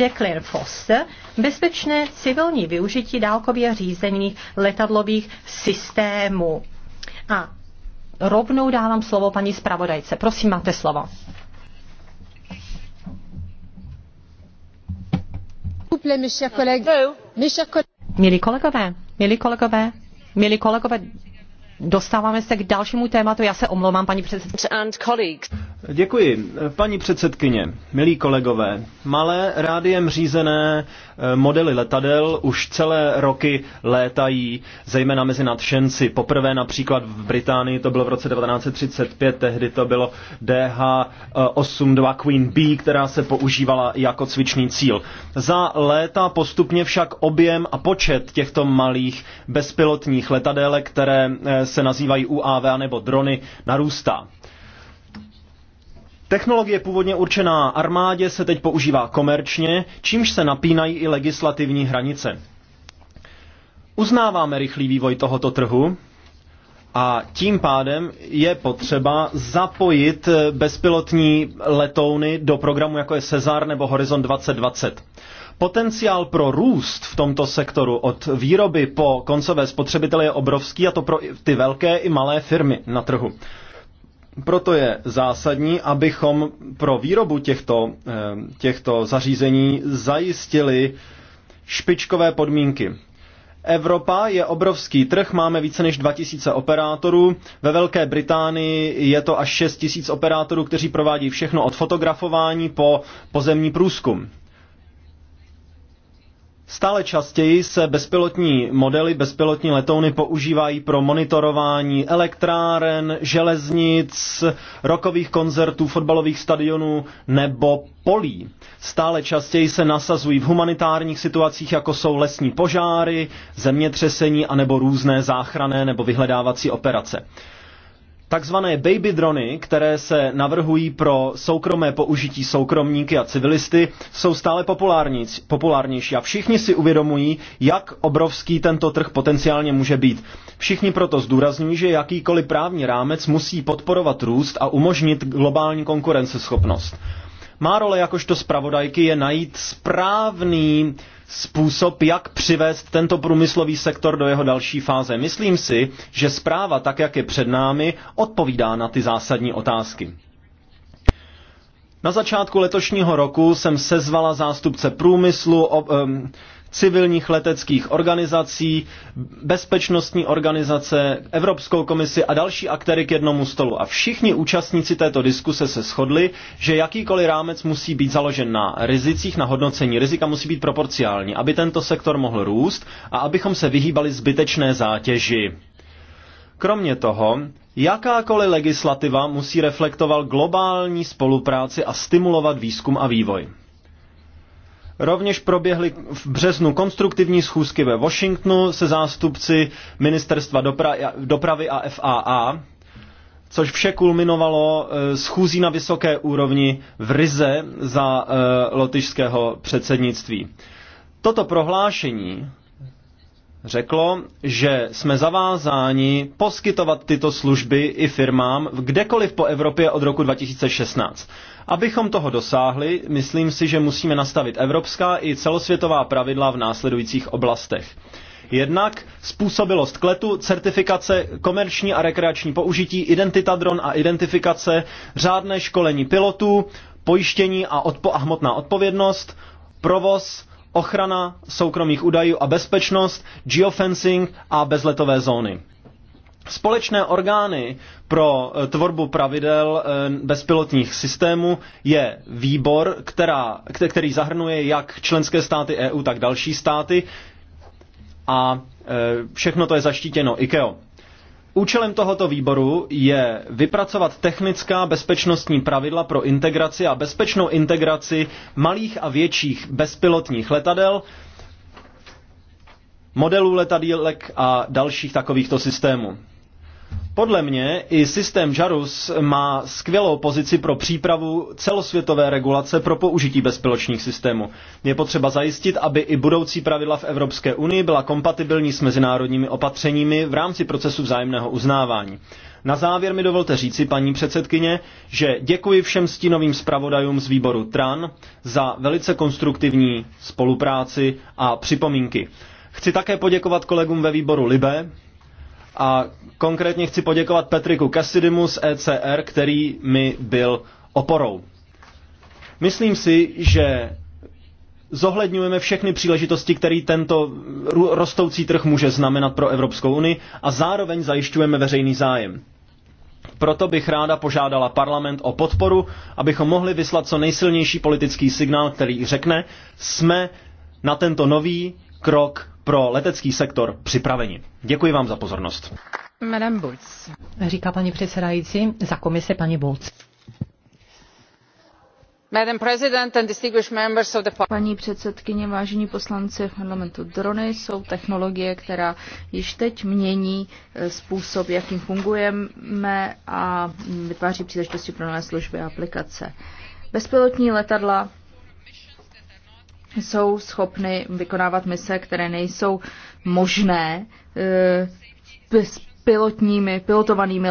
Jacqueline Foster, bezpečné civilní využití dálkově řízených letadlových systémů. A rovnou dávám slovo paní zpravodajce. Prosím, máte slovo. Milí kolegové, milí kolegové, milí kolegové, dostáváme se k dalšímu tématu. Já se omlouvám, paní předsedkyně. Děkuji. Paní předsedkyně, milí kolegové, malé rádiem řízené eh, modely letadel už celé roky létají, zejména mezi nadšenci. Poprvé například v Británii to bylo v roce 1935, tehdy to bylo DH-82 Queen B, která se používala jako cvičný cíl. Za léta postupně však objem a počet těchto malých bezpilotních letadel, které eh, se nazývají UAV nebo drony, narůstá. Technologie původně určená armádě se teď používá komerčně, čímž se napínají i legislativní hranice. Uznáváme rychlý vývoj tohoto trhu a tím pádem je potřeba zapojit bezpilotní letouny do programu jako je Cezar nebo Horizon 2020. Potenciál pro růst v tomto sektoru od výroby po koncové spotřebitele je obrovský a to pro ty velké i malé firmy na trhu. Proto je zásadní, abychom pro výrobu těchto, eh, těchto zařízení zajistili špičkové podmínky. Evropa je obrovský trh, máme více než 2000 operátorů. Ve Velké Británii je to až 6000 operátorů, kteří provádí všechno od fotografování po pozemní průzkum. Stále častěji se bezpilotní modely, bezpilotní letouny používají pro monitorování elektráren, železnic, rokových koncertů, fotbalových stadionů nebo polí. Stále častěji se nasazují v humanitárních situacích, jako jsou lesní požáry, zemětřesení anebo různé záchrané nebo vyhledávací operace. Takzvané baby drony, které se navrhují pro soukromé použití soukromníky a civilisty, jsou stále populárnější a všichni si uvědomují, jak obrovský tento trh potenciálně může být. Všichni proto zdůrazňují, že jakýkoliv právní rámec musí podporovat růst a umožnit globální konkurenceschopnost. Má role jakožto zpravodajky je najít správný způsob, jak přivést tento průmyslový sektor do jeho další fáze. Myslím si, že zpráva, tak jak je před námi, odpovídá na ty zásadní otázky. Na začátku letošního roku jsem sezvala zástupce průmyslu, um, civilních leteckých organizací, bezpečnostní organizace, Evropskou komisi a další aktéry k jednomu stolu. A všichni účastníci této diskuse se shodli, že jakýkoliv rámec musí být založen na rizicích, na hodnocení rizika musí být proporciální, aby tento sektor mohl růst a abychom se vyhýbali zbytečné zátěži. Kromě toho, jakákoliv legislativa musí reflektovat globální spolupráci a stimulovat výzkum a vývoj. Rovněž proběhly v březnu konstruktivní schůzky ve Washingtonu se zástupci ministerstva dopra- dopravy a FAA, což vše kulminovalo eh, schůzí na vysoké úrovni v Rize za eh, lotyšského předsednictví. Toto prohlášení řeklo, že jsme zavázáni poskytovat tyto služby i firmám kdekoliv po Evropě od roku 2016. Abychom toho dosáhli, myslím si, že musíme nastavit evropská i celosvětová pravidla v následujících oblastech. Jednak způsobilost kletu, certifikace, komerční a rekreační použití, identita dron a identifikace, řádné školení pilotů, pojištění a, odpo- a hmotná odpovědnost, provoz, ochrana soukromých údajů a bezpečnost, geofencing a bezletové zóny. Společné orgány pro eh, tvorbu pravidel eh, bezpilotních systémů je výbor, která, který zahrnuje jak členské státy EU, tak další státy a eh, všechno to je zaštítěno ICAO. Účelem tohoto výboru je vypracovat technická bezpečnostní pravidla pro integraci a bezpečnou integraci malých a větších bezpilotních letadel, modelů letadílek a dalších takovýchto systémů. Podle mě i systém Jarus má skvělou pozici pro přípravu celosvětové regulace pro použití bezpiločních systémů. Je potřeba zajistit, aby i budoucí pravidla v Evropské unii byla kompatibilní s mezinárodními opatřeními v rámci procesu vzájemného uznávání. Na závěr mi dovolte říci, paní předsedkyně, že děkuji všem stínovým zpravodajům z výboru TRAN za velice konstruktivní spolupráci a připomínky. Chci také poděkovat kolegům ve výboru LIBE, a konkrétně chci poděkovat Petriku Cassidymu z ECR, který mi byl oporou. Myslím si, že zohledňujeme všechny příležitosti, které tento rostoucí trh může znamenat pro Evropskou unii a zároveň zajišťujeme veřejný zájem. Proto bych ráda požádala parlament o podporu, abychom mohli vyslat co nejsilnější politický signál, který řekne, jsme na tento nový krok pro letecký sektor připraveni. Děkuji vám za pozornost. Madame Bulc. Říká paní předsedající za komise paní Bulc. Paní předsedkyně, vážení poslanci parlamentu, drony jsou technologie, která již teď mění eh, způsob, jakým fungujeme a vytváří příležitosti pro nové služby a aplikace. Bezpilotní letadla jsou schopny vykonávat mise, které nejsou možné eh, s pilotními, pilotovanými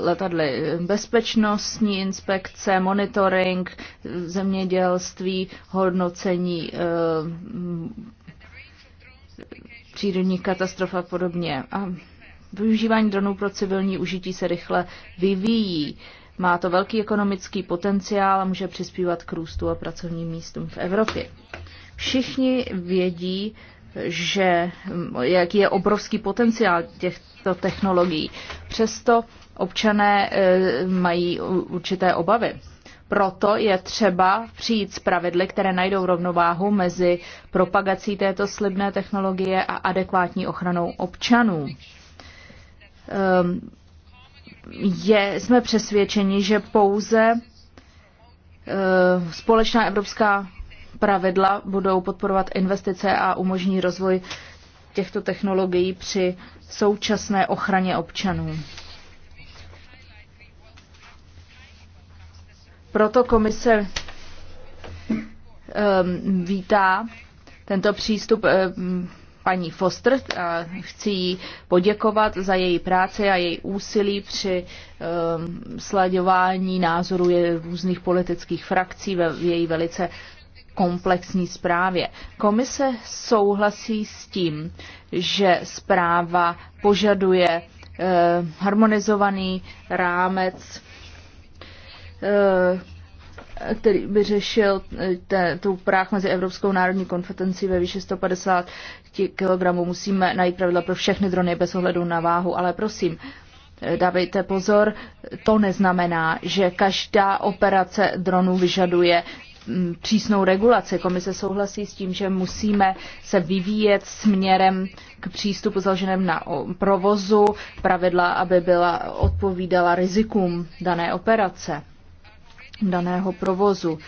letadly. Bezpečnostní inspekce, monitoring, zemědělství, hodnocení eh, přírodních katastrof a podobně. A využívání dronů pro civilní užití se rychle vyvíjí. Uh, má to velký ekonomický potenciál a může přispívat k růstu a pracovním místům v Evropě. Všichni vědí, že mm, jaký je obrovský potenciál těchto technologií. Přesto občané e, mají určité obavy. Proto je třeba přijít s pravidly, které najdou rovnováhu mezi propagací této slibné technologie a adekvátní ochranou občanů. Ehm, je, jsme přesvědčeni, že pouze eh, společná evropská pravidla budou podporovat investice a umožní rozvoj těchto technologií při současné ochraně občanů. Proto komise e, vítá tento přístup E, paní Foster. A chci jí poděkovat za její práci a její úsilí při um, sledování názorů různých politických frakcí ve v její velice komplexní zprávě. Komise souhlasí s tím, že zpráva požaduje eh, harmonizovaný rámec eh, který by řešil eh, te, tu práh mezi Evropskou národní konfetencí ve výši 150 kg. Musíme najít pravidla pro všechny drony bez ohledu na váhu, ale prosím, eh, dávejte pozor, to neznamená, že každá operace dronů vyžaduje mm, přísnou regulaci. Komise souhlasí s tím, že musíme se vyvíjet směrem k přístupu založeném na provozu pravidla, aby byla odpovídala rizikům dané operace daného provozu.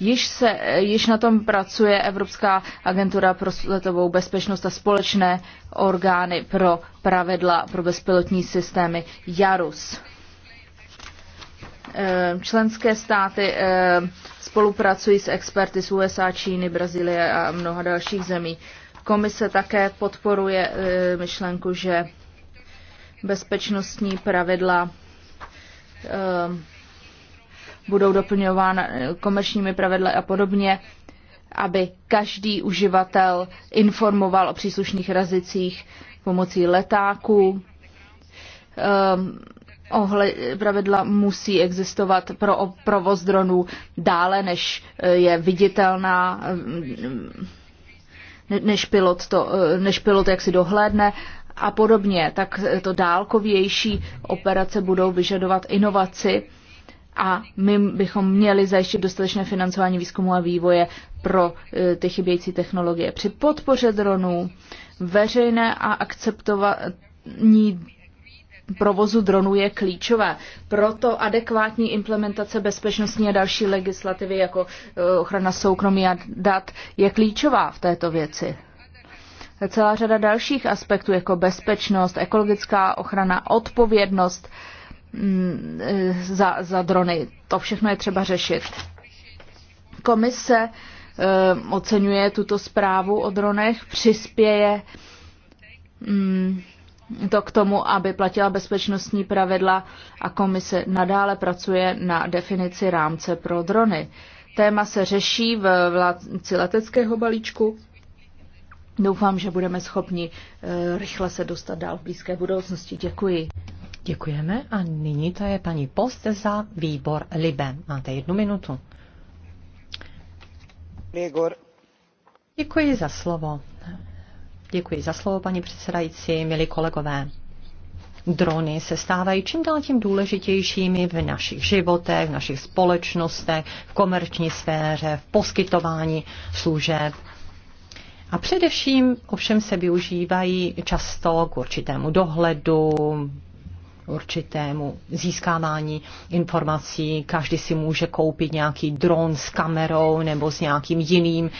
Již, se, již na tom pracuje Evropská agentura pro letovou bezpečnost a společné orgány pro pravidla pro bezpilotní systémy JARUS. Ehm, členské státy ehm, spolupracují s experty z USA, Číny, Brazílie a mnoha dalších zemí. Komise také podporuje ehm, myšlenku, že bezpečnostní pravidla budou doplňována eh, komerčními pravidly a podobně, aby každý uživatel informoval o příslušných razicích pomocí letáků. Um, ehm, ohle, pravidla musí existovat pro provoz dronů dále, než eh, je viditelná, ehm, než pilot, to, eh, než pilot jak si dohlédne a podobně, tak to dálkovější operace budou vyžadovat inovaci a my bychom měli zajistit dostatečné financování výzkumu a vývoje pro e, ty chybějící technologie. Při podpoře dronů veřejné a akceptování provozu dronů je klíčové. Proto adekvátní implementace bezpečnostní a další legislativy jako e, ochrana soukromí a dat je klíčová v této věci. Celá řada dalších aspektů jako bezpečnost, ekologická ochrana, odpovědnost, Mm, e, za, za drony. To všechno je třeba řešit. Komise e, oceňuje tuto zprávu o dronech, přispěje mm, to k tomu, aby platila bezpečnostní pravidla a komise nadále pracuje na definici rámce pro drony. Téma se řeší v vládci leteckého balíčku. Doufám, že budeme schopni e, rychle se dostat dál v blízké budoucnosti. Děkuji. Děkujeme a nyní to je paní Post za výbor Libe. Máte jednu minutu. Igor. Děkuji za slovo. Děkuji za slovo, paní předsedající, milí kolegové. Drony se stávají čím dál tím důležitějšími v našich životech, v našich společnostech, v komerční sféře, v poskytování služeb. A především ovšem se využívají často k určitému dohledu, určitému získávání informací. Každý si může koupit nějaký dron s kamerou nebo s nějakým jiným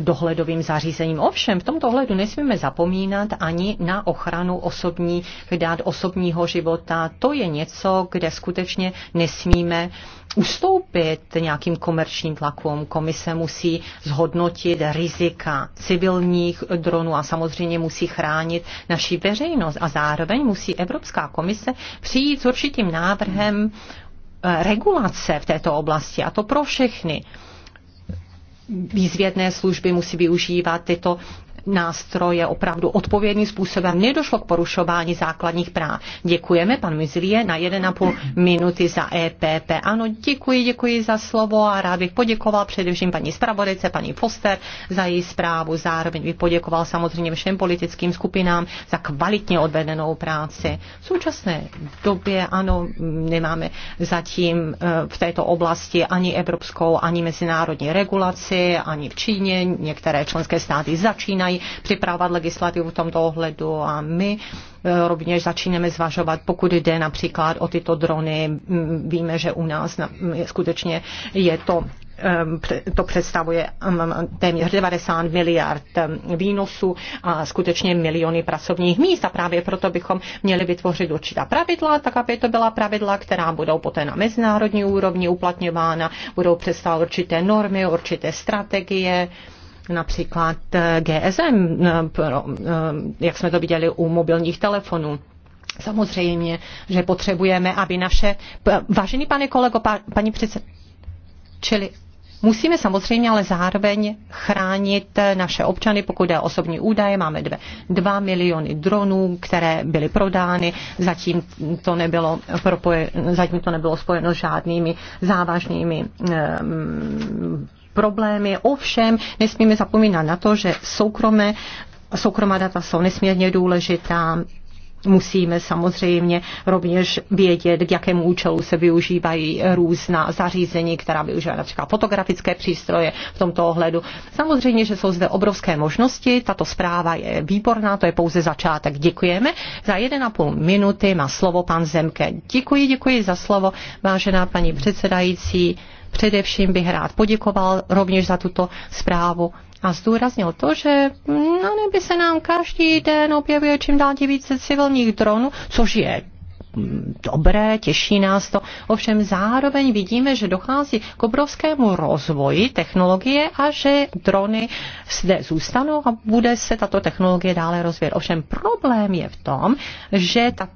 dohledovým zařízením. Ovšem, v tomto ohledu nesmíme zapomínat ani na ochranu osobních dát osobního života. To je něco, kde skutečně nesmíme ustoupit nějakým komerčním tlakům. Komise musí zhodnotit rizika civilních dronů a samozřejmě musí chránit naši veřejnost. A zároveň musí Evropská komise přijít s určitým návrhem eh, regulace v této oblasti, a to pro všechny výzvědné služby musí využívat tyto nástroje opravdu odpovědným způsobem. Nedošlo k porušování základních práv. Děkujeme, pan Mizlie, na 1,5 minuty za EPP. Ano, děkuji, děkuji za slovo a rád bych poděkoval především paní zpravodajce, paní Foster za její zprávu. Zároveň bych poděkoval samozřejmě všem politickým skupinám za kvalitně odvedenou práci. V současné době, ano, nemáme zatím eh, v této oblasti ani evropskou, ani mezinárodní regulaci, ani v Číně. Některé členské státy začínají mají připravovat legislativu v tomto ohledu a my eh, rovněž začínáme zvažovat, pokud jde například o tyto drony. Víme, že u nás skutečně je to to představuje téměř 90 miliard výnosů a skutečně miliony pracovních míst. A právě proto bychom měli vytvořit určitá pravidla, tak aby to byla pravidla, která budou poté na mezinárodní úrovni uplatňována, budou představovat určité normy, určité strategie například eh, GSM, eh, eh, jak jsme to viděli u mobilních telefonů. Samozřejmě, že potřebujeme, aby naše... Vážený pane kolego, paní předsed... Čili Musíme samozřejmě ale zároveň chránit naše občany, pokud je osobní údaje. Máme dvě, dva miliony dronů, které byly prodány. Zatím to nebylo, propoje, zatím to nebylo spojeno s žádnými závažnými um, problémy. Ovšem nesmíme zapomínat na to, že soukromé, soukromá data jsou nesmírně důležitá. Musíme samozřejmě rovněž vědět, k jakému účelu se využívají různá zařízení, která využívají například fotografické přístroje v tomto ohledu. Samozřejmě, že jsou zde obrovské možnosti. Tato zpráva je výborná, to je pouze začátek. Děkujeme. Za 1,5 minuty má slovo pan Zemke. Děkuji, děkuji za slovo, vážená paní předsedající. Především bych rád poděkoval rovněž za tuto zprávu a zdůraznil to, že na no, nebi se nám každý den objevuje čím dál tím více civilních dronů, což je mm, dobré, těší nás to. Ovšem zároveň vidíme, že dochází k obrovskému rozvoji technologie a že drony zde zůstanou a bude se tato technologie dále rozvíjet. Ovšem problém je v tom, že ta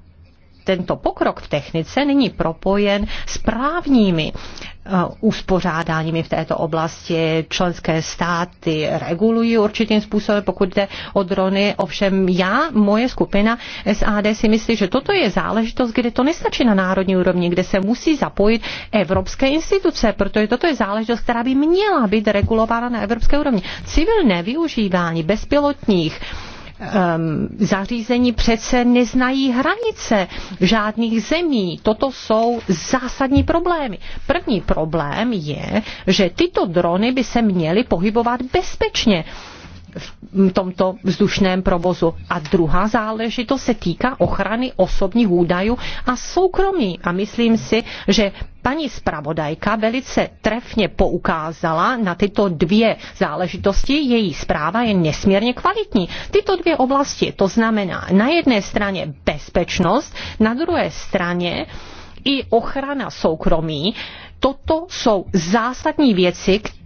tento pokrok v technice není propojen s právními eh, uspořádáními v této oblasti. Členské státy regulují určitým způsobem, pokud jde o drony. Ovšem já, moje skupina SAD si myslí, že toto je záležitost, kde to nestačí na národní úrovni, kde se musí zapojit evropské instituce, protože toto je záležitost, která by měla být regulována na evropské úrovni. Civilné využívání bezpilotních uh, Ehm, zařízení přece neznají hranice žádných zemí. Toto jsou zásadní problémy. První problém je, že tyto drony by se měly pohybovat bezpečně v tomto vzdušném provozu. A druhá záležitost se týká ochrany osobních údajů a soukromí. A myslím si, že paní zpravodajka velice trefně poukázala na tyto dvě záležitosti. Její zpráva je nesmírně kvalitní. Tyto dvě oblasti, to znamená na jedné straně bezpečnost, na druhé straně i ochrana soukromí, toto jsou zásadní věci, které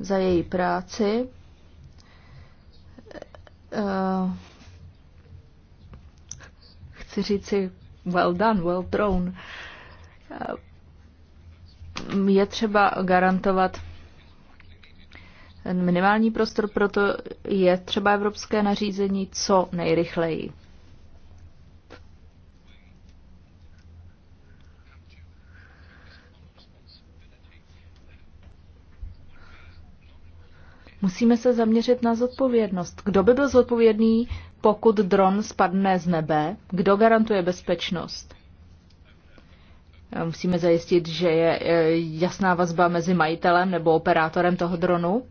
za její práci. Eh, chci říci well done, well thrown. Eh, je třeba garantovat minimální prostor, proto je třeba evropské nařízení co nejrychleji. Musíme se zaměřit na zodpovědnost. Kdo by byl zodpovědný, pokud dron spadne z nebe? Kdo garantuje bezpečnost? Musíme zajistit, že je e, jasná vazba mezi majitelem nebo operátorem toho dronu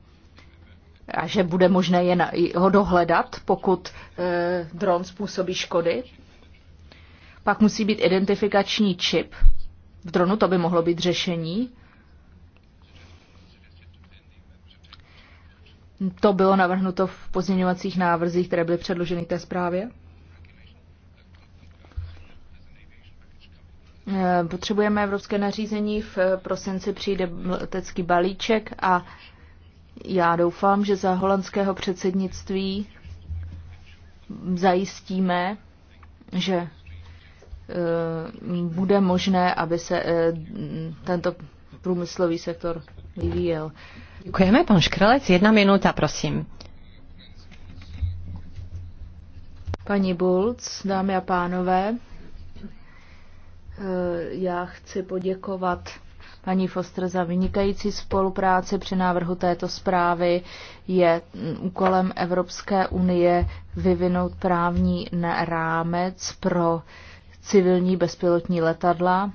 a že bude možné je na, ho dohledat, pokud e, dron způsobí škody. Pak musí být identifikační čip v dronu, to by mohlo být řešení. To bylo navrhnuto v pozměňovacích návrzích, které byly předloženy té zprávě. Eh, potřebujeme evropské nařízení, v prosinci přijde letecký balíček a já doufám, že za holandského předsednictví zajistíme, že eh, bude možné, aby se eh, tento průmyslový sektor vyvíjel. Děkujeme, pan Škrelec. Jedna minuta, prosím. Paní Bulc, dámy a pánové, eh, já chci poděkovat paní Foster za vynikající spolupráci při návrhu této zprávy. Je mm, úkolem Evropské unie vyvinout právní rámec pro civilní bezpilotní letadla,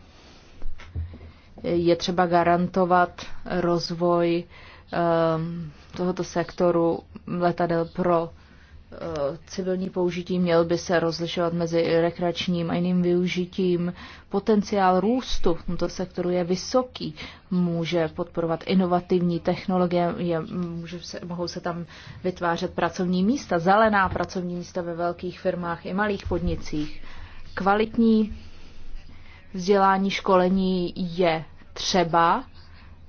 je třeba garantovat rozvoj ehm, tohoto sektoru letadel pro eh, civilní použití, měl by se rozlišovat mezi rekreačním a jiným využitím. Potenciál růstu v tomto sektoru je vysoký, může podporovat inovativní technologie, je, může se, mohou se tam vytvářet pracovní místa, zelená pracovní místa ve velkých firmách i malých podnicích. Kvalitní vzdělání, školení je třeba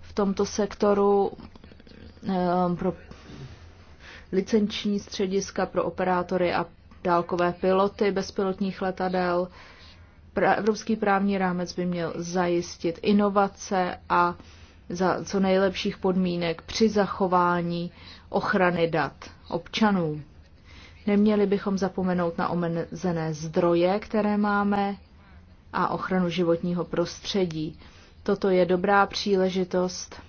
v tomto sektoru eh, pro licenční střediska pro operátory a dálkové piloty bezpilotních letadel. Evropský právní rámec by měl zajistit inovace a za co nejlepších podmínek při zachování ochrany dat občanů. Neměli bychom zapomenout na omezené zdroje, které máme, a ochranu životního prostředí. Toto je dobrá příležitost,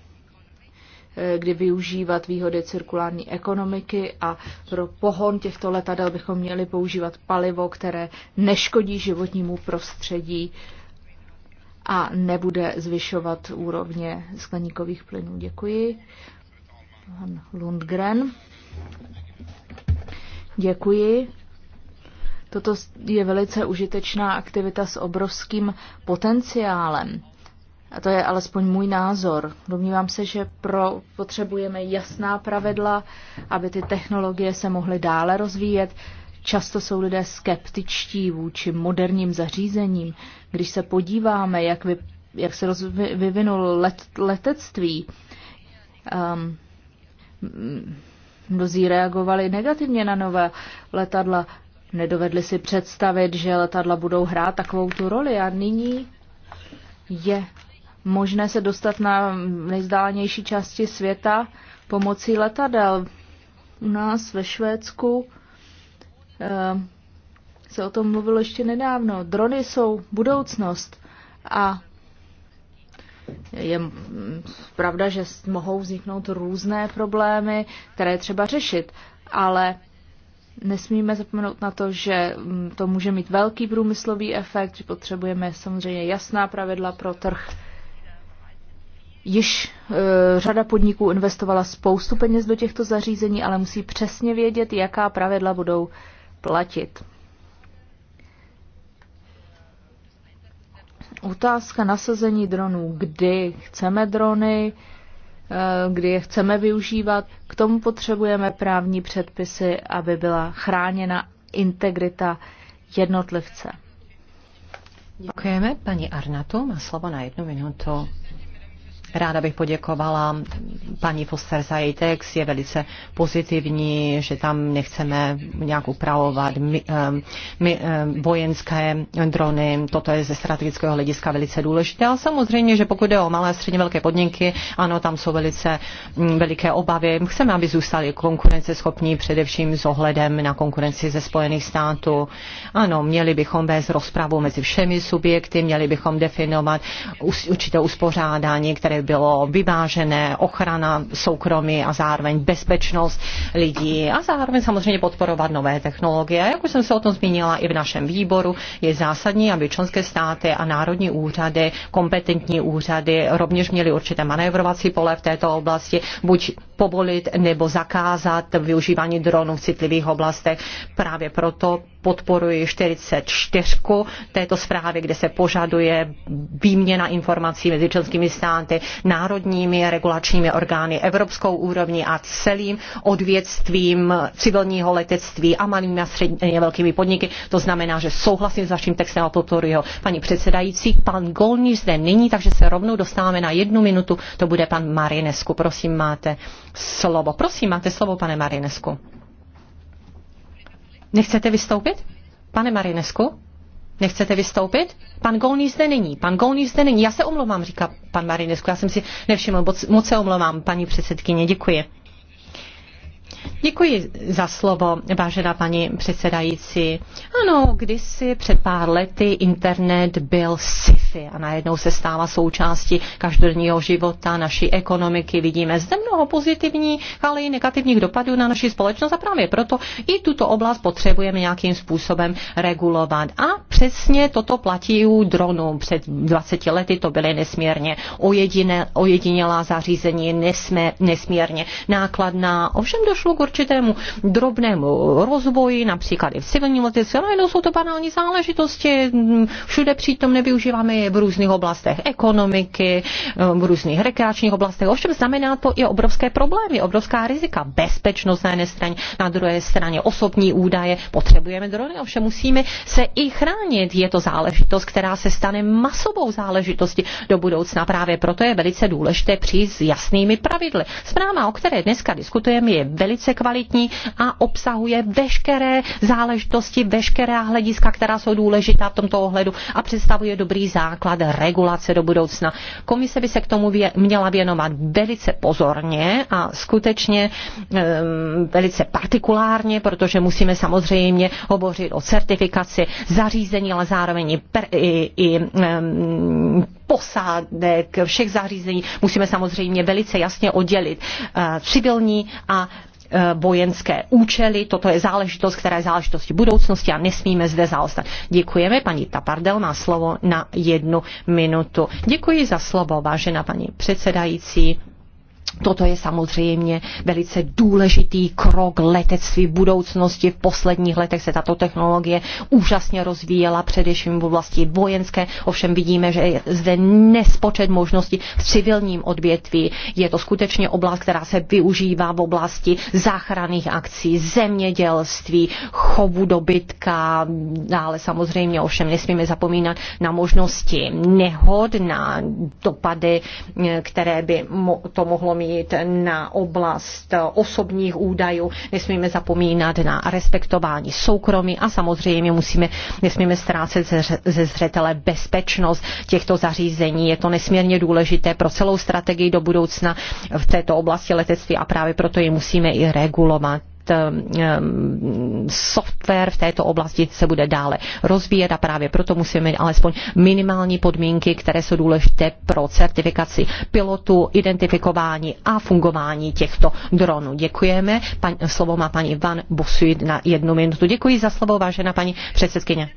eh, kdy využívat výhody cirkulární ekonomiky a pro pohon těchto letadel bychom měli používat palivo, které neškodí životnímu prostředí a nebude zvyšovat úrovně skleníkových plynů. Děkuji. Pan Lundgren. Děkuji. Toto je velice užitečná aktivita s obrovským potenciálem. A to je alespoň můj názor. Domnívám se, že pro, potřebujeme jasná pravidla, aby ty technologie se mohly dále rozvíjet. Často jsou lidé skeptičtí vůči moderním zařízením. Když se podíváme, jak, vy, jak se rozvi, vyvinul let, letectví, um, mnozí reagovali negativně na nové letadla. Nedovedli si představit, že letadla budou hrát takovou tu roli a nyní je možné se dostat na nejzdálenější části světa pomocí letadel. U nás ve Švédsku eh, se o tom mluvilo ještě nedávno. Drony jsou budoucnost a je pravda, že mohou vzniknout různé problémy, které je třeba řešit, ale nesmíme zapomenout na to, že to může mít velký průmyslový efekt, že potřebujeme samozřejmě jasná pravidla pro trh Již e, řada podniků investovala spoustu peněz do těchto zařízení, ale musí přesně vědět, jaká pravidla budou platit. Otázka nasazení dronů. Kdy chceme drony, e, kdy je chceme využívat. K tomu potřebujeme právní předpisy, aby byla chráněna integrita jednotlivce. Děkujeme. Paní Arnato má slovo na jednu minutu. Ráda bych poděkovala paní Foster za její text, je velice pozitivní, že tam nechceme nějak upravovat my, my, vojenské drony, toto je ze strategického hlediska velice důležité. A samozřejmě, že pokud jde o malé a středně velké podniky, ano, tam jsou velice mm, veliké obavy. Chceme, aby zůstali konkurenceschopní především s ohledem na konkurenci ze Spojených států. Ano, měli bychom vést rozpravu mezi všemi subjekty, měli bychom definovat určité uspořádání, které aby bylo vyvážené ochrana soukromí a zároveň bezpečnost lidí a zároveň samozřejmě podporovat nové technologie. Jak už jsem se o tom zmínila i v našem výboru, je zásadní, aby členské státy a národní úřady, kompetentní úřady rovněž měly určité manévrovací pole v této oblasti, buď povolit nebo zakázat využívání dronů v citlivých oblastech. Právě proto podporuji 44 této zprávy, kde se požaduje výměna informací mezi členskými státy, národními regulačními orgány, evropskou úrovní a celým odvětstvím civilního letectví a malými a středně velkými podniky. To znamená, že souhlasím s vaším textem a podporuji ho. Paní předsedající, pan Golní zde není, takže se rovnou dostáváme na jednu minutu. To bude pan Marinesku. Prosím, máte slovo. Prosím, máte slovo, pane Marinesku. Nechcete vystoupit? Pane Marinesku? Nechcete vystoupit? Pan Golný zde není. Pan Golný zde není. Já se omlouvám, říká pan Marinesku. Já jsem si nevšiml. Moc se omlouvám, paní předsedkyně. Děkuji. Děkuji za slovo, vážená paní předsedající. Ano, kdysi před pár lety internet byl sci-fi a najednou se stává součástí každodenního života, naší ekonomiky. Vidíme zde mnoho pozitivních, ale i negativních dopadů na naši společnost a právě proto i tuto oblast potřebujeme nějakým způsobem regulovat. A přesně toto platí u dronů. Před 20 lety to byly nesmírně ojedinělá zařízení, nesmé, nesmírně nákladná. Ovšem došlo k určitému drobnému rozvoji, například i v civilním letectví, ale jsou to banální záležitosti, všude přitom nevyužíváme je v různých oblastech ekonomiky, v různých rekreačních oblastech. Ovšem znamená to i obrovské problémy, obrovská rizika. Bezpečnost na jedné straně, na druhé straně osobní údaje. Potřebujeme drony, ovšem musíme se i chránit. Je to záležitost, která se stane masovou záležitostí do budoucna. Právě proto je velice důležité přijít s jasnými pravidly. Zpráva, o které dneska diskutujeme, je velice velice kvalitní a obsahuje veškeré záležitosti, veškeré hlediska, která jsou důležitá v tomto ohledu a představuje dobrý základ regulace do budoucna. Komise by se k tomu vě, měla věnovat velice pozorně a skutečně e, velice partikulárně, protože musíme samozřejmě hovořit o certifikaci zařízení, ale zároveň i, per, i, i e, posádek, všech zařízení. Musíme samozřejmě velice jasně oddělit uh, civilní a Eh, vojenské účely. Toto je záležitost, která je záležitosti budoucnosti a nesmíme zde zaostat. Děkujeme. Paní Tapardel má slovo na jednu minutu. Děkuji za slovo, vážená paní předsedající. Toto je samozřejmě velice důležitý krok letectví v budoucnosti. V posledních letech se tato technologie úžasně rozvíjela, především v oblasti vojenské. Ovšem vidíme, že je zde nespočet možností v civilním odvětví. Je to skutečně oblast, která se využívá v oblasti záchranných akcí, zemědělství, chovu dobytka, dále samozřejmě ovšem nesmíme zapomínat na možnosti nehod, na dopady, které by to mohlo zapomít na oblast osobních údajů, nesmíme zapomínat na respektování soukromí a samozřejmě musíme, nesmíme ztrácet ze zřetele bezpečnost těchto zařízení. Je to nesmírně důležité pro celou strategii do budoucna v této oblasti letectví a právě proto ji musíme i regulovat. Eh, software v této oblasti se bude dále rozvíjet a právě proto musíme mít alespoň minimální podmínky, které jsou důležité pro certifikaci pilotů, identifikování a fungování těchto dronů. Děkujeme. Pan, slovo má paní Van Bosuit na jednu minutu. Děkuji za slovo, vážená paní předsedkyně.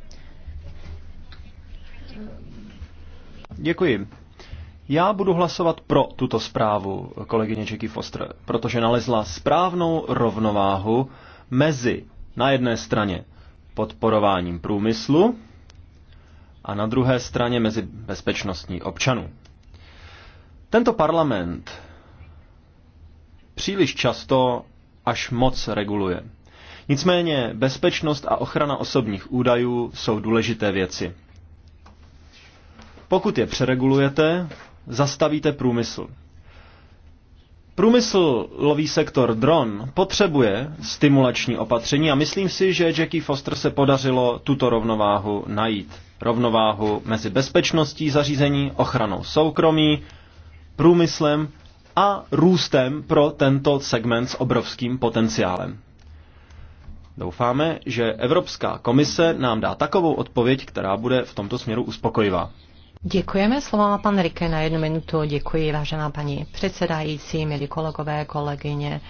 Děkuji. Já budu hlasovat pro tuto zprávu kolegyně Jackie Foster, protože nalezla správnou rovnováhu mezi na jedné straně podporováním průmyslu a na druhé straně mezi bezpečnostní občanů. Tento parlament příliš často až moc reguluje. Nicméně bezpečnost a ochrana osobních údajů jsou důležité věci. Pokud je přeregulujete, zastavíte průmysl. Průmyslový sektor dron potřebuje stimulační opatření a myslím si, že Jackie Foster se podařilo tuto rovnováhu najít. Rovnováhu mezi bezpečností zařízení, ochranou soukromí, průmyslem a růstem pro tento segment s obrovským potenciálem. Doufáme, že Evropská komise nám dá takovou odpověď, která bude v tomto směru uspokojivá. Děkujeme. Slovo má pan Rike na jednu minutu. Děkuji, vážená paní předsedající, milí kolegové, kolegyně.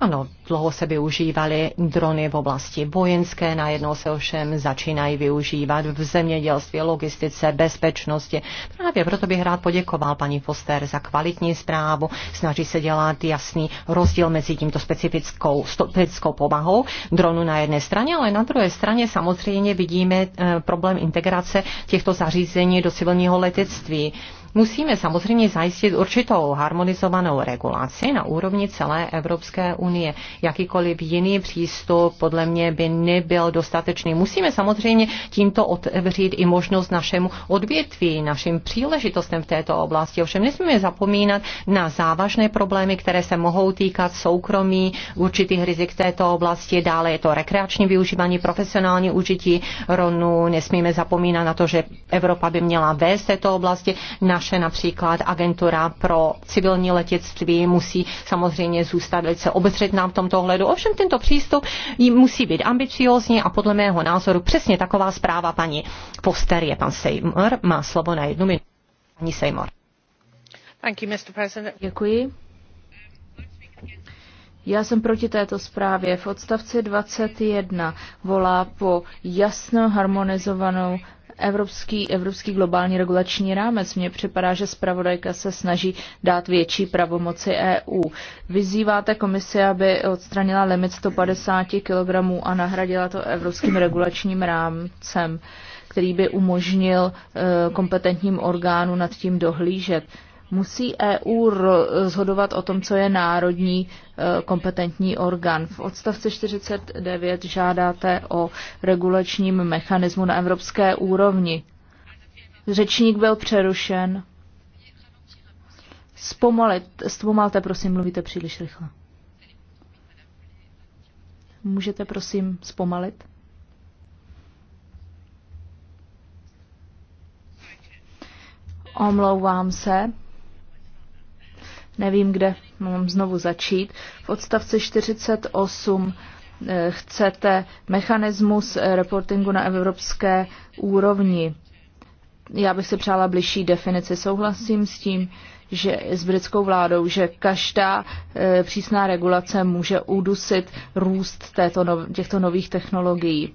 Ano, dlouho se využívaly drony v oblasti vojenské, najednou se ovšem začínají využívat v zemědělství, logistice, bezpečnosti. Právě proto bych rád poděkoval paní Foster za kvalitní zprávu, snaží se dělat jasný rozdíl mezi tímto specifickou, specifickou povahou dronu na jedné straně, ale na druhé straně samozřejmě vidíme eh, problém integrace těchto zařízení do civilního letectví. Musíme samozřejmě zajistit určitou harmonizovanou regulaci na úrovni celé Evropské unie. Jakýkoliv jiný přístup podle mě by nebyl dostatečný. Musíme samozřejmě tímto otevřít i možnost našemu odvětví, našim příležitostem v této oblasti. Ovšem nesmíme zapomínat na závažné problémy, které se mohou týkat soukromí, určitých rizik této oblasti. Dále je to rekreační využívání, profesionální užití ronu. Nesmíme zapomínat na to, že Evropa by měla vést této oblasti naš naše například agentura pro civilní letectví musí samozřejmě zůstat velice obezřetná v tomto ohledu. Ovšem tento přístup jim musí být ambiciózní a podle mého názoru přesně taková zpráva paní Foster je pan Seymour. Má slovo na jednu minutu. Paní Seymour. Děkuji. Já jsem proti této zprávě. V odstavci 21 volá po jasnou harmonizovanou evropský, evropský globální regulační rámec. Mně připadá, že zpravodajka se snaží dát větší pravomoci EU. Vyzýváte komisi, aby odstranila limit 150 kg a nahradila to evropským regulačním rámcem který by umožnil eh, kompetentním orgánu nad tím dohlížet. Musí EU rozhodovat o tom, co je národní e, kompetentní orgán. V odstavci 49 žádáte o regulačním mechanismu na evropské úrovni. Řečník byl přerušen. Zpomalit, zpomalte, prosím, mluvíte příliš rychle. Můžete, prosím, zpomalit? Omlouvám se. Nevím, kde mám znovu začít. V odstavci 48 eh, chcete mechanismus reportingu na evropské úrovni. Já bych si přála bližší definici. Souhlasím s tím, že s britskou vládou, že každá e, přísná regulace může udusit růst této no, těchto nových technologií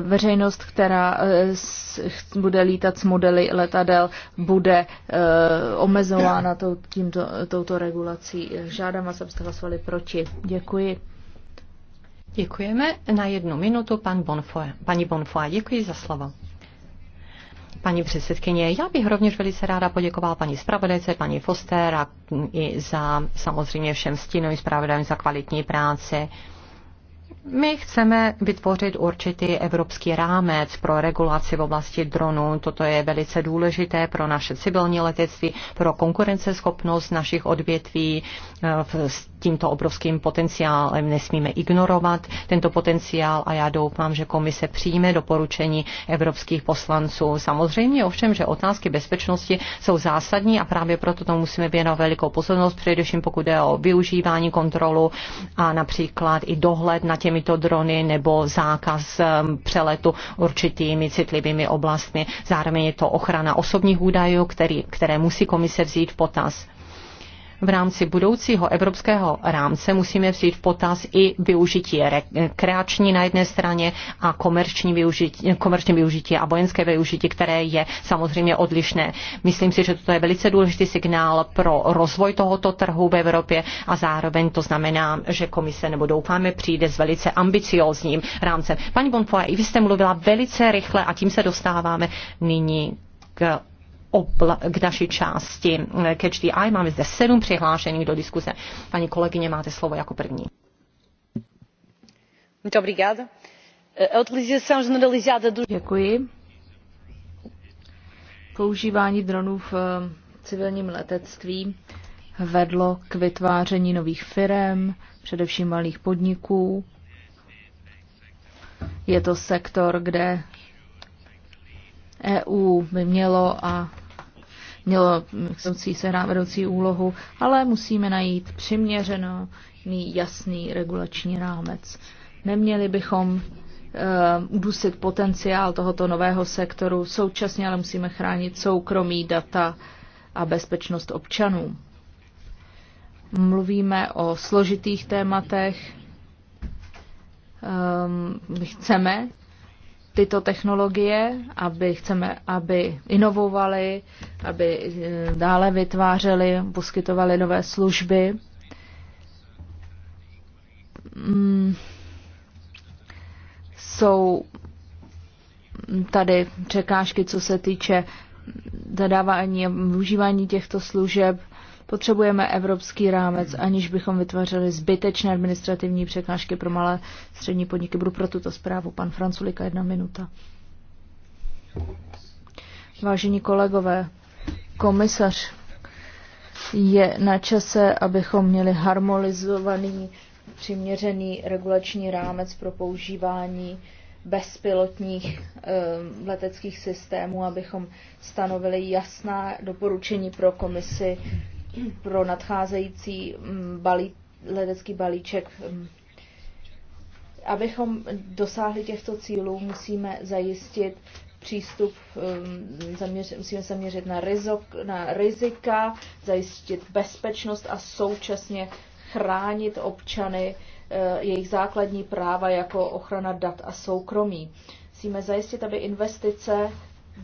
veřejnost, která eh, bude lítat s modely letadel, bude eh, omezována tímto, touto regulací. Žádám vás, abyste hlasovali proti. Děkuji. Děkujeme. Na jednu minutu pan Bonfoy. Paní Bonfoy, děkuji za slovo. Paní předsedkyně, já bych rovněž velice ráda poděkovala paní zpravodajce, paní Foster a i za samozřejmě všem stínovým zpravodajům za kvalitní práci. My chceme vytvořit určitý evropský rámec pro regulaci v oblasti dronů. Toto je velice důležité pro naše civilní letectví, pro konkurenceschopnost našich odvětví eh, v tímto obrovským potenciálem. Nesmíme ignorovat tento potenciál a já doufám, že komise přijme doporučení evropských poslanců. Samozřejmě ovšem, že otázky bezpečnosti jsou zásadní a právě proto to musíme věnovat velikou pozornost, především pokud jde o využívání kontrolu a například i dohled na těmito drony nebo zákaz um, přeletu určitými citlivými oblastmi. Zároveň je to ochrana osobních údajů, který, které musí komise vzít v potaz v rámci budoucího evropského rámce musíme vzít v potaz i využití rekreační na jedné straně a komerční využití, komerční využití a vojenské využití, které je samozřejmě odlišné. Myslím si, že toto je velice důležitý signál pro rozvoj tohoto trhu v Evropě a zároveň to znamená, že komise nebo doufáme přijde s velice ambiciózním rámcem. Paní Bonfoy, i vy jste mluvila velice rychle a tím se dostáváme nyní k opl- k naší části eh, Catch the Eye. Máme zde sedm přihlášených do diskuze. Paní kolegyně, máte slovo jako první. Eh, Děkuji. Používání dronů v eh, civilním letectví vedlo k vytváření nových firm, především malých podniků. Je to sektor, kde EU by mělo a mělo vedoucí se vedoucí úlohu, ale musíme najít přiměřený, jasný regulační rámec. Neměli bychom eh, udusit potenciál tohoto nového sektoru, současně ale musíme chránit soukromí data a bezpečnost občanů. Mluvíme o složitých tématech, um, chceme tyto technologie, aby chceme, aby inovovali, aby eh, dále vytvářeli, poskytovali nové služby. Mm. Jsou tady překážky, co se týče zadávání a využívání těchto služeb. Potřebujeme evropský rámec, aniž bychom vytvořili zbytečné administrativní překážky pro malé střední podniky. Budu pro tuto zprávu. Pan Franculika, jedna minuta. Vážení kolegové, komisař, je na čase, abychom měli harmonizovaný, přiměřený regulační rámec pro používání bezpilotních eh, leteckých systémů, abychom stanovili jasná doporučení pro komisi pro nadcházející mm, balí, ledecký balíček. Mm. Abychom dosáhli těchto cílů, musíme zajistit přístup, mm, zaměř, musíme zaměřit na, rizok, na rizika, zajistit bezpečnost a současně chránit občany, eh, jejich základní práva jako ochrana dat a soukromí. Musíme zajistit, aby investice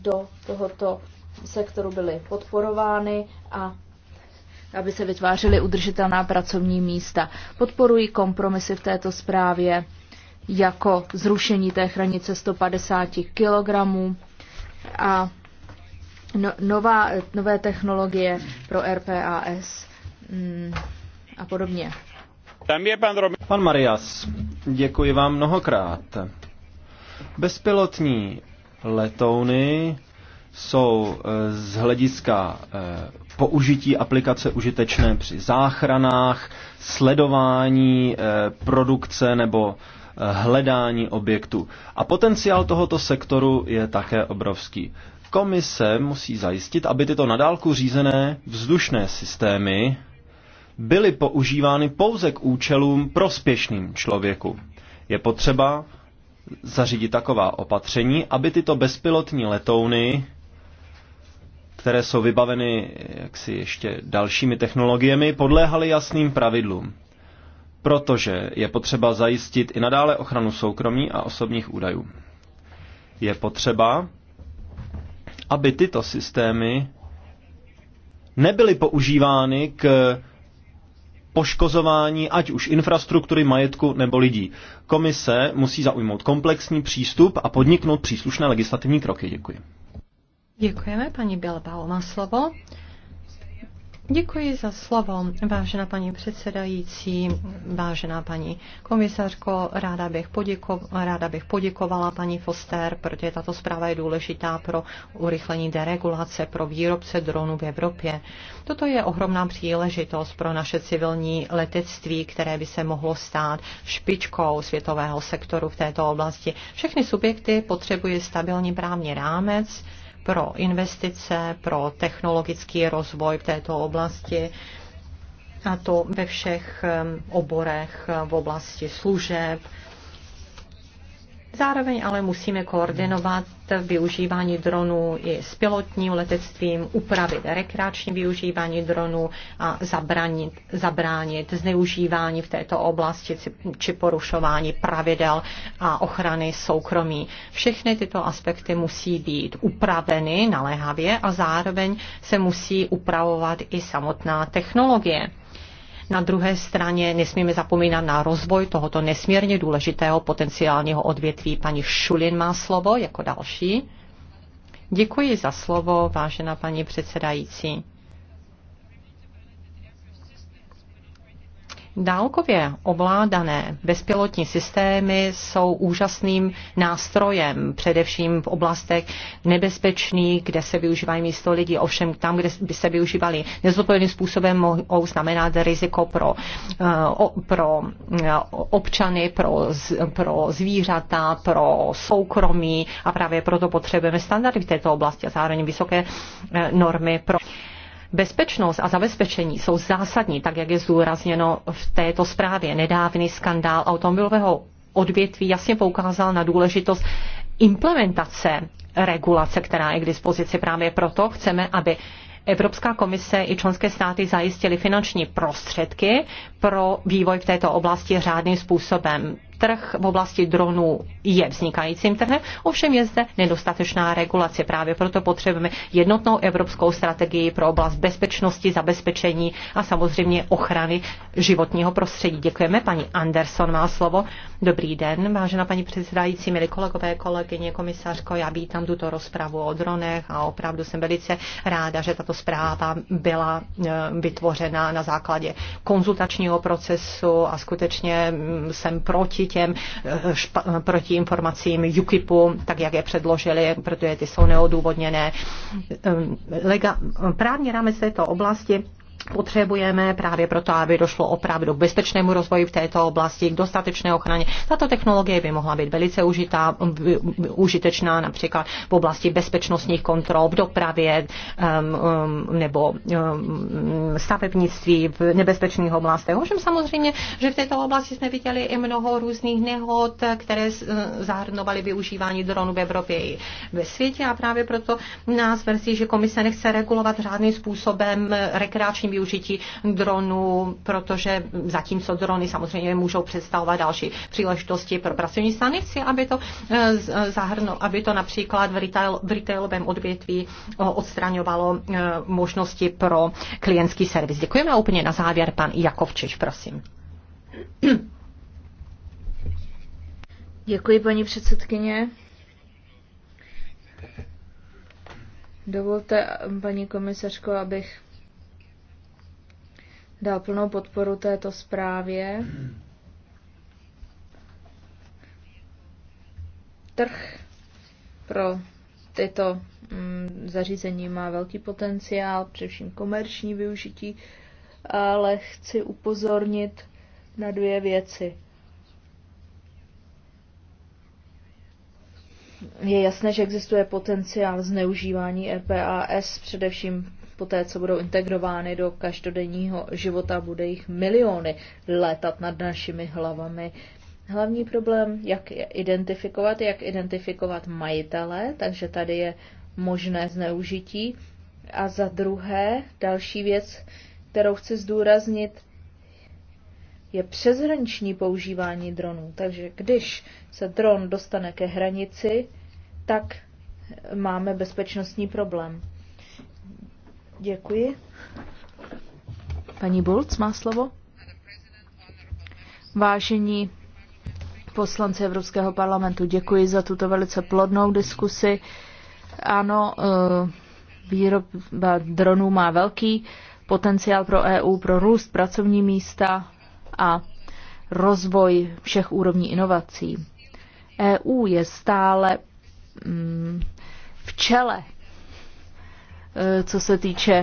do tohoto sektoru byly podporovány a aby se vytvářely udržitelná pracovní místa. Podporuji kompromisy v této zprávě jako zrušení té hranice 150 kg a no, nová, nové technologie pro RPAS mm, a podobně. Tam je pan, Rom- pan Marias, děkuji vám mnohokrát. Bezpilotní letouny jsou eh, z hlediska eh, použití aplikace užitečné při záchranách, sledování eh, produkce nebo eh, hledání objektu. A potenciál tohoto sektoru je také obrovský. Komise musí zajistit, aby tyto nadálku řízené vzdušné systémy byly používány pouze k účelům prospěšným člověku. Je potřeba zařídit taková opatření, aby tyto bezpilotní letouny které jsou vybaveny jaksi ještě dalšími technologiemi, podléhaly jasným pravidlům. Protože je potřeba zajistit i nadále ochranu soukromí a osobních údajů. Je potřeba, aby tyto systémy nebyly používány k poškozování ať už infrastruktury, majetku nebo lidí. Komise musí zaujmout komplexní přístup a podniknout příslušné legislativní kroky. Děkuji. Děkujeme, paní Bělbao má slovo. Děkuji za slovo, vážená paní předsedající, vážená paní komisařko. Ráda bych, poděko, ráda bych poděkovala paní Foster, protože tato zpráva je důležitá pro urychlení deregulace pro výrobce dronů v Evropě. Toto je ohromná příležitost pro naše civilní letectví, které by se mohlo stát špičkou světového sektoru v této oblasti. Všechny subjekty potřebují stabilní právní rámec, pro investice, pro technologický rozvoj v této oblasti a to ve všech oborech v oblasti služeb, Zároveň ale musíme koordinovat využívání dronů i s pilotním letectvím, upravit rekreační využívání dronů a zabránit, zabránit zneužívání v této oblasti či porušování pravidel a ochrany soukromí. Všechny tyto aspekty musí být upraveny naléhavě a zároveň se musí upravovat i samotná technologie. Na druhé straně nesmíme zapomínat na rozvoj tohoto nesmírně důležitého potenciálního odvětví. Paní Šulin má slovo jako další. Děkuji za slovo, vážená paní předsedající. Dálkově ovládané bezpilotní systémy jsou úžasným nástrojem, především v oblastech nebezpečných, kde se využívají místo lidí. Ovšem tam, kde by se využívali nezodpovědným způsobem, mohou znamenat riziko pro, eh, pro eh, občany, pro, pro zvířata, pro soukromí a právě proto potřebujeme standardy v této oblasti a zároveň vysoké eh, normy pro bezpečnost a zabezpečení jsou zásadní, tak jak je zdůrazněno v této zprávě. Nedávný skandál automobilového odvětví jasně poukázal na důležitost implementace regulace, která je k dispozici. Právě proto chceme, aby Evropská komise i členské státy zajistily finanční prostředky pro vývoj v této oblasti řádným způsobem trh v oblasti dronů je vznikajícím trhem, ovšem je zde nedostatečná regulace. Právě proto potřebujeme jednotnou evropskou strategii pro oblast bezpečnosti, zabezpečení a samozřejmě ochrany životního prostředí. Děkujeme. Paní Anderson má slovo. Dobrý den, vážená paní předsedající, milí kolegové, kolegyně, komisařko. Já vítám tuto rozpravu o dronech a opravdu jsem velice ráda, že tato zpráva byla e, vytvořena na základě konzultačního procesu a skutečně mm, jsem proti proti těm eh, špa, eh, proti informacím UKIPu, tak jak je předložili, protože ty jsou neodůvodněné. Ehm, lega, právní rámec této oblasti potřebujeme právě proto, aby došlo opravdu k bezpečnému rozvoji v této oblasti, k dostatečné ochraně. Tato technologie by mohla být velice užitá, užitečná například v oblasti bezpečnostních kontrol, v dopravě um, um, nebo um, stavebnictví v nebezpečných oblastech. Ovšem samozřejmě, že v této oblasti jsme viděli i mnoho různých nehod, které eh, zahrnovaly využívání dronů v Evropě i ve světě a právě proto nás mrzí, že komise nechce regulovat řádným způsobem rekreační bezpečným využití dronů, protože zatímco drony samozřejmě můžou představovat další příležitosti pro pracovní stanici, aby to eh, eh, zahrno, aby to například v, retail, v retailovém odvětví eh, odstraňovalo možnosti pro klientský servis. Děkujeme a úplně na závěr pan Jakovčič, prosím. Děkuji, paní předsedkyně. Dovolte, paní komisařko, abych dal plnou podporu této zprávě. Trh pro tyto mm, zařízení má velký potenciál, především komerční využití, ale chci upozornit na dvě věci. Je jasné, že existuje potenciál zneužívání EPAS, především poté co budou integrovány do každodenního života, bude jich miliony létat nad našimi hlavami. Hlavní problém, jak je identifikovat, jak identifikovat majitele, takže tady je možné zneužití. A za druhé, další věc, kterou chci zdůraznit, je přeshraniční používání dronů. Takže když se dron dostane ke hranici, tak máme bezpečnostní problém. Děkuji. Paní Bulc má slovo. Vážení poslanci Evropského parlamentu, děkuji za tuto velice plodnou diskusi. Ano, eh, výroba dronů má velký potenciál pro EU, pro růst pracovní místa a rozvoj všech úrovní inovací. EU je stále mm, v čele Eh, co se týče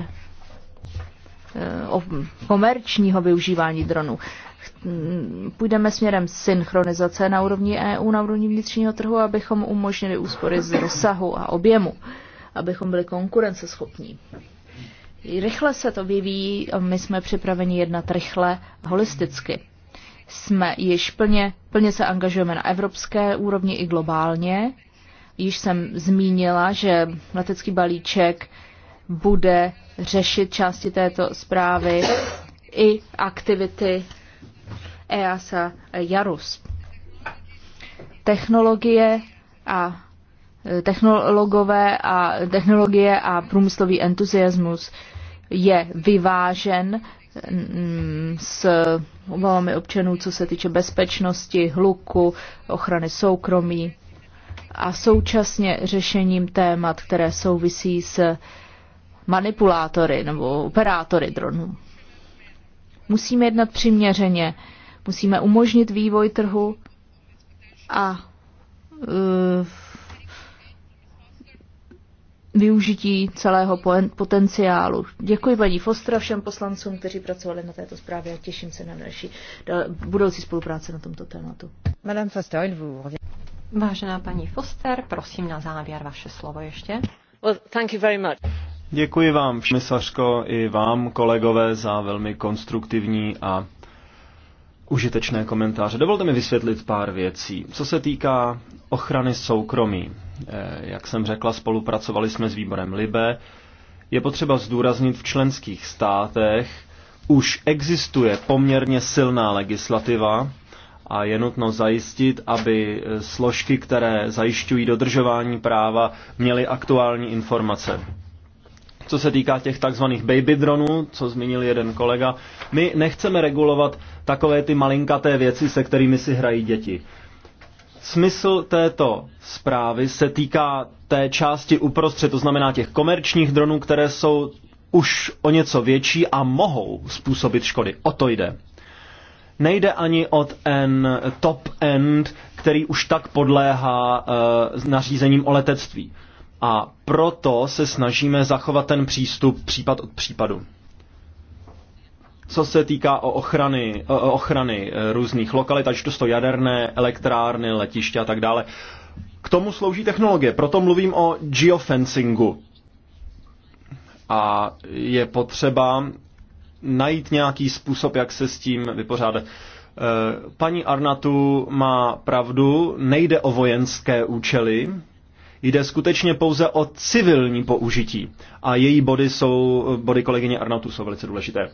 eh, komerčního využívání dronů. Mm, půjdeme směrem synchronizace na úrovni EU, na úrovni vnitřního trhu, abychom umožnili úspory z rozsahu a objemu, abychom byli konkurenceschopní. Rychle se to vyvíjí, my jsme připraveni jednat rychle, holisticky. Jsme již plně, plně se angažujeme na evropské úrovni i globálně. Již jsem zmínila, že letecký balíček bude řešit části této zprávy i aktivity EASA Jarus. Technologie a e, technologové a technologie a průmyslový entuziasmus je vyvážen mm, s obavami občanů, co se týče bezpečnosti, hluku, ochrany soukromí a současně řešením témat, které souvisí s manipulátory nebo operátory dronů. Musíme jednat přiměřeně, musíme umožnit vývoj trhu a uh, využití celého potenciálu. Děkuji paní Fostra všem poslancům, kteří pracovali na této zprávě a těším se na další budoucí spolupráce na tomto tématu. Madame Foster, Vážená paní Foster, prosím na závěr vaše slovo ještě. Well, thank you very much. Děkuji vám, komisařko, i vám, kolegové, za velmi konstruktivní a užitečné komentáře. Dovolte mi vysvětlit pár věcí. Co se týká ochrany soukromí, eh, jak jsem řekla, spolupracovali jsme s výborem Libe. Je potřeba zdůraznit v členských státech, už existuje poměrně silná legislativa a je nutno zajistit, aby eh, složky, které zajišťují dodržování práva, měly aktuální informace. Co se týká těch takzvaných baby dronů, co zmínil jeden kolega, my nechceme regulovat takové ty malinkaté věci, se kterými si hrají děti. Smysl této zprávy se týká té části uprostřed, to znamená těch komerčních dronů, které jsou už o něco větší a mohou způsobit škody. O to jde. Nejde ani o ten top end, který už tak podléhá e, nařízením o letectví. A proto se snažíme zachovat ten přístup případ od případu. Co se týká o ochrany, o ochrany e, různých lokalit, ať to jsou jaderné elektrárny, letiště a tak dále, k tomu slouží technologie. Proto mluvím o geofencingu. A je potřeba najít nějaký způsob, jak se s tím vypořádat. E, paní Arnatu má pravdu, nejde o vojenské účely, Jde skutečně pouze o civilní použití a její body jsou, body kolegyně Arnautu jsou velice důležité.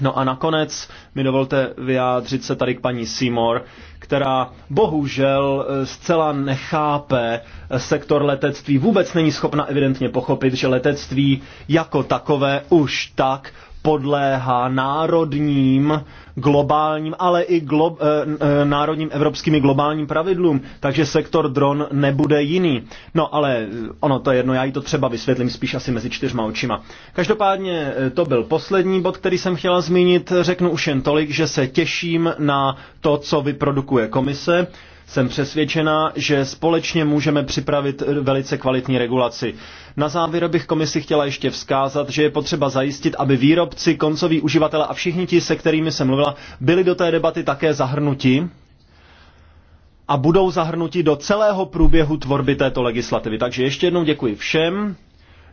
No a nakonec mi dovolte vyjádřit se tady k paní Seymour, která bohužel eh, zcela nechápe eh, sektor letectví. Vůbec není schopna evidentně pochopit, že letectví jako takové už tak podléhá národním, globálním, ale i glo, e, eh, eh, národním evropskými globálním pravidlům, takže sektor dron nebude jiný. No ale eh, ono to je jedno, já ji to třeba vysvětlím spíš asi mezi čtyřma očima. Každopádně to byl poslední bod, který jsem chtěla zmínit. Řeknu už jen tolik, že se těším na to, co vyprodukuje komise. Jsem přesvědčená, že společně můžeme připravit velice kvalitní regulaci. Na závěr bych komisi chtěla ještě vzkázat, že je potřeba zajistit, aby výrobci, koncoví uživatelé a všichni ti, se kterými jsem mluvila, byli do té debaty také zahrnuti a budou zahrnuti do celého průběhu tvorby této legislativy. Takže ještě jednou děkuji všem.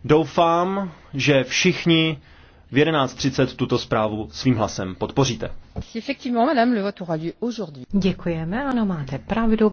Doufám, že všichni v 11.30 tuto zprávu svým hlasem podpoříte. Děkujeme, ano, máte pravdu.